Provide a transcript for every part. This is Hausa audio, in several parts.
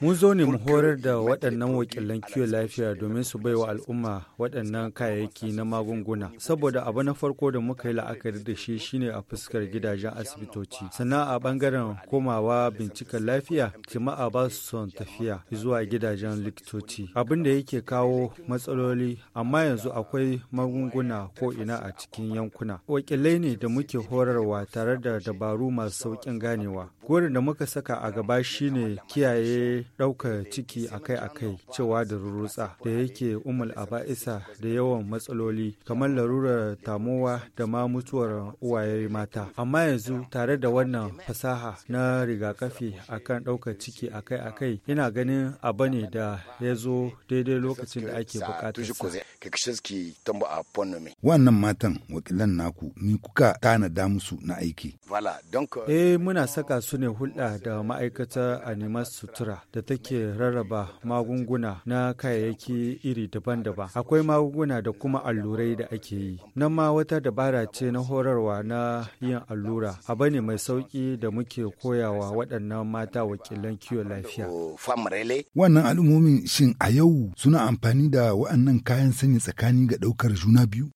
Mun zo ne mu horar da waɗannan wakilan kiwon lafiya domin su baiwa al'umma waɗannan kayayyaki na magunguna. Saboda abu na farko da muka yi la'akari da shi shine a fuskar gidajen asibitoci. Sannan a ɓangaren komawa binciken lafiya, jama'a ba su son tafiya zuwa gidajen likitoci. Abin da yake kawo matsaloli, amma yanzu akwai magunguna ko ina a cikin yankuna. Wakilai ne da muke horarwa tare da dabaru masu sauƙin ganewa. Gurin da muka saka a gaba gaba shine kiyaye ɗaukar ciki akai-akai cewa da rurutsa da yake umul aba'isa da yawan matsaloli kamar larurar tamowa da ma mutuwar uwaye mata. Amma yanzu tare da wannan fasaha na rigakafi akan ɗaukar ciki akai-akai yana ganin abu ne da ya zo daidai lokacin da ake bukatarsa. Wannan matan wakilan naku ni kuka tanada musu na aiki. Eh muna saka su ne hulɗa da ma'aikata ma'aikata a nema sutura da take rarraba magunguna na kayayyaki iri daban-daban akwai magunguna da kuma allurai da ake yi nan ma wata dabara ce na horarwa na yin allura abu ne mai sauki da muke koyawa waɗannan mata wakilan kiwon lafiya wannan al'ummomin shin a yau suna amfani da waɗannan kayan sanya tsakani ga ɗaukar juna biyu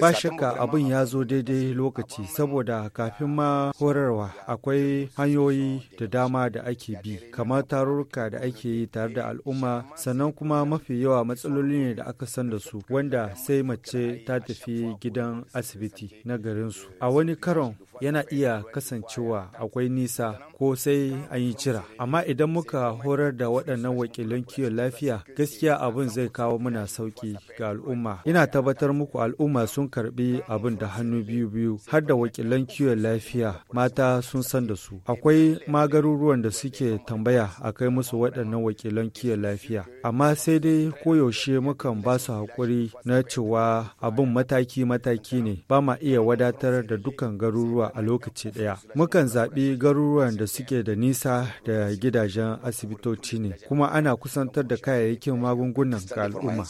ba shakka abin ya zo daidai lokaci saboda kafin ma horarwa akwai hanyoyi da dama dama da ake bi kamar tarurruka da ake yi tare da al'umma sannan kuma mafi yawa matsaloli ne da aka san da su wanda sai mace ta tafi gidan asibiti na garinsu a wani karon yana iya kasancewa akwai nisa ko sai an yi jira amma idan muka horar da waɗannan wakilan kiwon lafiya gaskiya abin zai kawo muna sauki ga al'umma ina tabbatar muku al'umma sun karbi abin da hannu biyu biyu har da wakilan kiwon lafiya mata sun san da su akwai magaru garuruwan da suke tambaya a kai musu waɗannan wakilan kiyon lafiya amma sai dai koyaushe mukan ba su haƙuri na cewa abin mataki-mataki ne ba ma iya wadatar da dukkan garuruwa a lokaci ɗaya mukan zaɓi garuruwan da suke da nisa da gidajen asibitoci ne kuma ana kusantar da kayayyakin magungunan ga al'umma